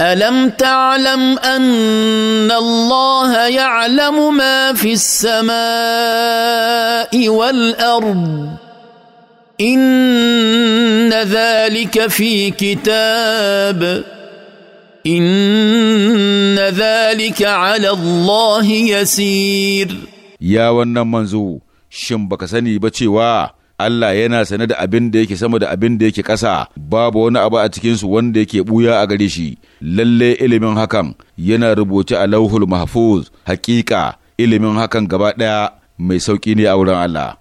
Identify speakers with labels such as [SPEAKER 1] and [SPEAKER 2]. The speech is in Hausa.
[SPEAKER 1] الم تعلم ان الله يعلم ما في السماء والارض ان ذلك في كتاب ان ذلك على الله يسير
[SPEAKER 2] يا wannan منزو shin baka Allah yana sane da abin da yake sama da abin da yake ƙasa, babu wani abu a cikinsu wanda yake buya a gare shi, lalle ilimin hakan yana rubuce a lauhul mahfuz, hakika ilimin hakan gaba ɗaya mai sauƙi ne a wurin Allah.